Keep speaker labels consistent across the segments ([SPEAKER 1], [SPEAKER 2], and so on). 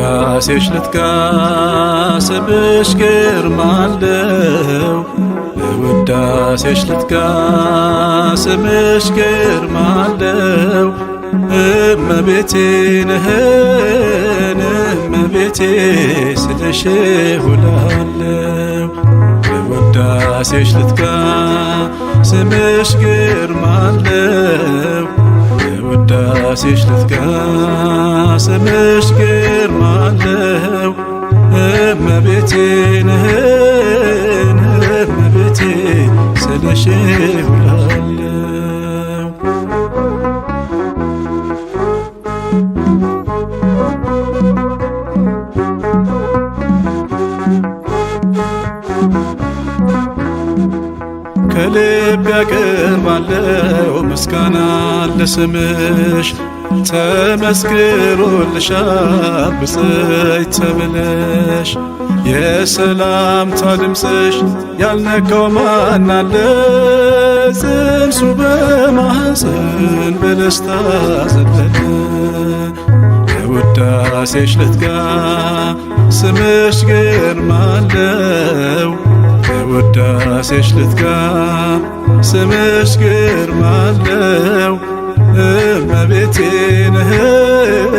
[SPEAKER 1] ውዳሴሽ ልትጋስብሽ ግርማ አለው ውዳሴሽ ልትጋስብሽ ግርማ አለው እመቤቴ ነህን እመቤቴ ስልሽ ሁላለው ውዳሴሽ ልትጋስብሽ ግርማ አለው ውዳሴሽ ልትገባ ስምሽ ግርማ አለው። እመቤቴ ነህን እመቤቴ ስልሽ ውላለው። ከልብ ያቀርባለው ምስጋና ስምሽ ተመስግኖልሻል ብፅዕት ተብለሽ የሰላምታ ድምፅሽ ያልነካው ማናለ ጽንሱ በማሕፀን በደስታ ዘለለ ለውዳሴሽ ልትጋ ስምሽ ግርማለው ለውዳሴሽ ልትጋ ስምሽ ግርማለው እመቤቴን ነህ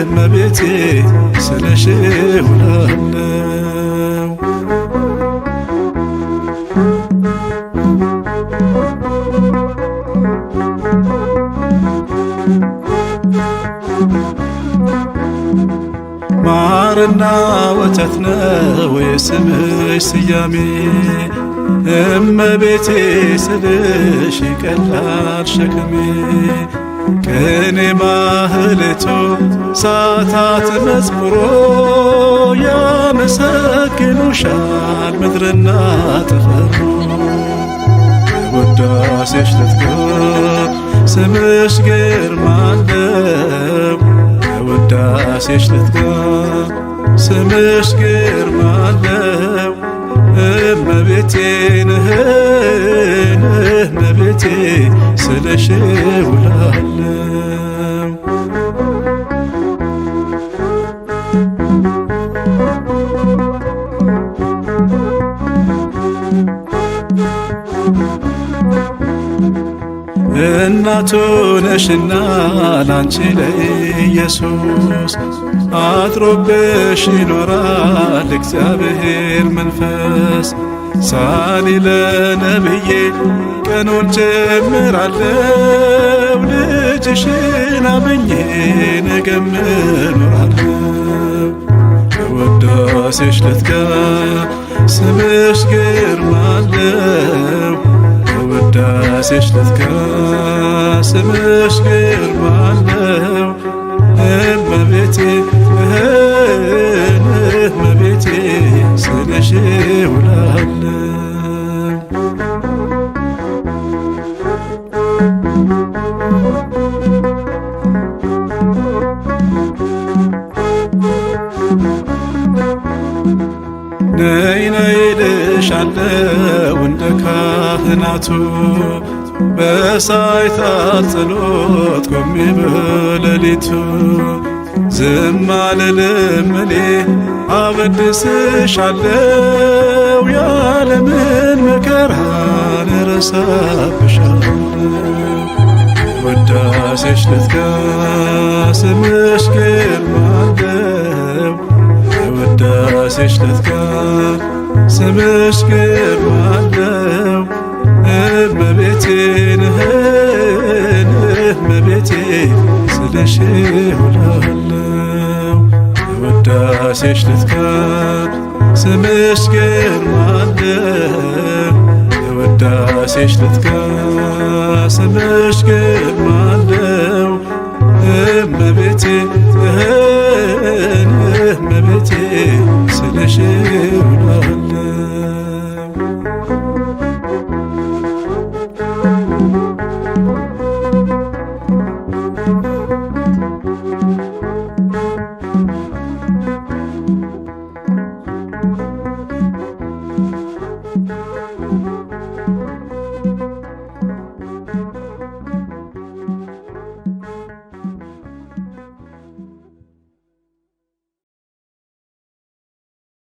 [SPEAKER 1] እመቤቴ ስለሽ ሆናለው ማርና ወተት ነው የስምሽ ስያሜ እመቤቴ ስልሽ ቀላል ሸክሜ ከኔ ማህሌቶ ሳታት መዝሙሮ ያመሰግኑሻል ምድርና ተፈሩ ውዳሴሽ ልትገብ ስምሽ ግርማ አለው ውዳሴሽ ልትገብ ስምሽ ግርማ አለው እመቤቴ ነህን እመቤቴ ስለሽ ውላለሁ እናቱ ነሽና ላንቺ ለኢየሱስ አጥሮብሽ ይኖራል እግዚአብሔር መንፈስ ሳሊ ለነብዬ ቀኑን ጀምራለው ልጅሽን አምኜ ነገም እኖራለው ለወዳሴሽ ልትገባ ስምሽ ግርማለው ራሴሽ ልትካ ስምሽ ግርማ አለው እመቤቴ እመቤቴ ስልሽ ውላለ ነይ ነይ ልሻለው እንደ ካህናቱ በሳይታት ጸሎት ቆሜ በሌሊቱ ዝም አልልም እኔ አበድስሻለው ያለምን መከራ ልረሳብሻለው ውዳሴሽ ልትጋ ስምሽ ግርማለው ውዳሴሽ ልትጋ ስምሽ ግርማለው እመቤቴን እመቤቴ ስለሽ ውላለው በውዳሴሽ ልትቀር ስምሽ ግርማለው በውዳሴሽ ልትቀር ስምሽ ግርማለው እመቤቴ እመቤቴ ስለሽ ውላለው